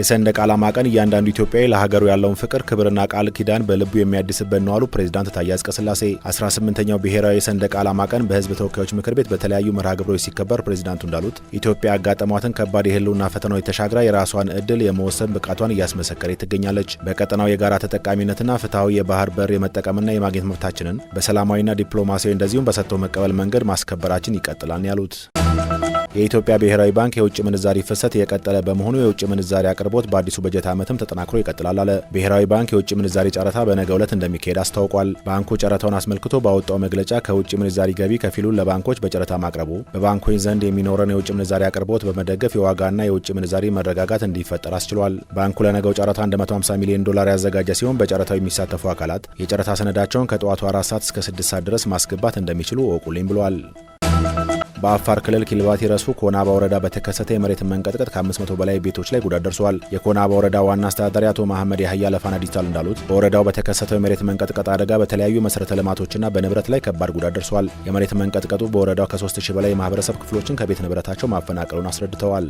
የሰንደቅ ዓላማ ቀን እያንዳንዱ ኢትዮጵያዊ ለሀገሩ ያለውን ፍቅር ክብርና ቃል ኪዳን በልቡ የሚያድስበት ነው አሉ ፕሬዚዳንት ታዬ አጽቀሥላሴ። 18ኛው ብሔራዊ የሰንደቅ ዓላማ ቀን በህዝብ ተወካዮች ምክር ቤት በተለያዩ መርሃ ግብሮች ሲከበር ፕሬዚዳንቱ እንዳሉት ኢትዮጵያ ያጋጠሟትን ከባድ የህልውና ፈተናዎች ተሻግራ የራሷን እድል የመወሰን ብቃቷን እያስመሰከረ ትገኛለች። በቀጠናው የጋራ ተጠቃሚነትና ፍትሐዊ የባህር በር የመጠቀምና የማግኘት መብታችንን በሰላማዊና ዲፕሎማሲያዊ እንደዚሁም በሰጥቶ መቀበል መንገድ ማስከበራችን ይቀጥላል ያሉት የኢትዮጵያ ብሔራዊ ባንክ የውጭ ምንዛሪ ፍሰት የቀጠለ በመሆኑ የውጭ ምንዛሪ አቅርቦት በአዲሱ በጀት ዓመትም ተጠናክሮ ይቀጥላል አለ። ብሔራዊ ባንክ የውጭ ምንዛሪ ጨረታ በነገው ዕለት እንደሚካሄድ አስታውቋል። ባንኩ ጨረታውን አስመልክቶ ባወጣው መግለጫ ከውጭ ምንዛሪ ገቢ ከፊሉን ለባንኮች በጨረታ ማቅረቡ በባንኮች ዘንድ የሚኖረን የውጭ ምንዛሪ አቅርቦት በመደገፍ የዋጋና የውጭ ምንዛሪ መረጋጋት እንዲፈጠር አስችሏል። ባንኩ ለነገው ጨረታ 150 ሚሊዮን ዶላር ያዘጋጀ ሲሆን በጨረታው የሚሳተፉ አካላት የጨረታ ሰነዳቸውን ከጠዋቱ 4 ሰዓት እስከ ስድስት ሰዓት ድረስ ማስገባት እንደሚችሉ እወቁልኝ ብሏል። በአፋር ክልል ኪልባቲ ረሱ ኮናባ ወረዳ በተከሰተ የመሬት መንቀጥቀጥ ከ500 በላይ ቤቶች ላይ ጉዳት ደርሰዋል። የኮናባ ወረዳ ዋና አስተዳዳሪ አቶ መሐመድ ያህያ ለፋና ዲጂታል እንዳሉት በወረዳው በተከሰተው የመሬት መንቀጥቀጥ አደጋ በተለያዩ መሠረተ ልማቶችና በንብረት ላይ ከባድ ጉዳት ደርሰዋል። የመሬት መንቀጥቀጡ በወረዳው ከ3000 በላይ የማህበረሰብ ክፍሎችን ከቤት ንብረታቸው ማፈናቀሉን አስረድተዋል።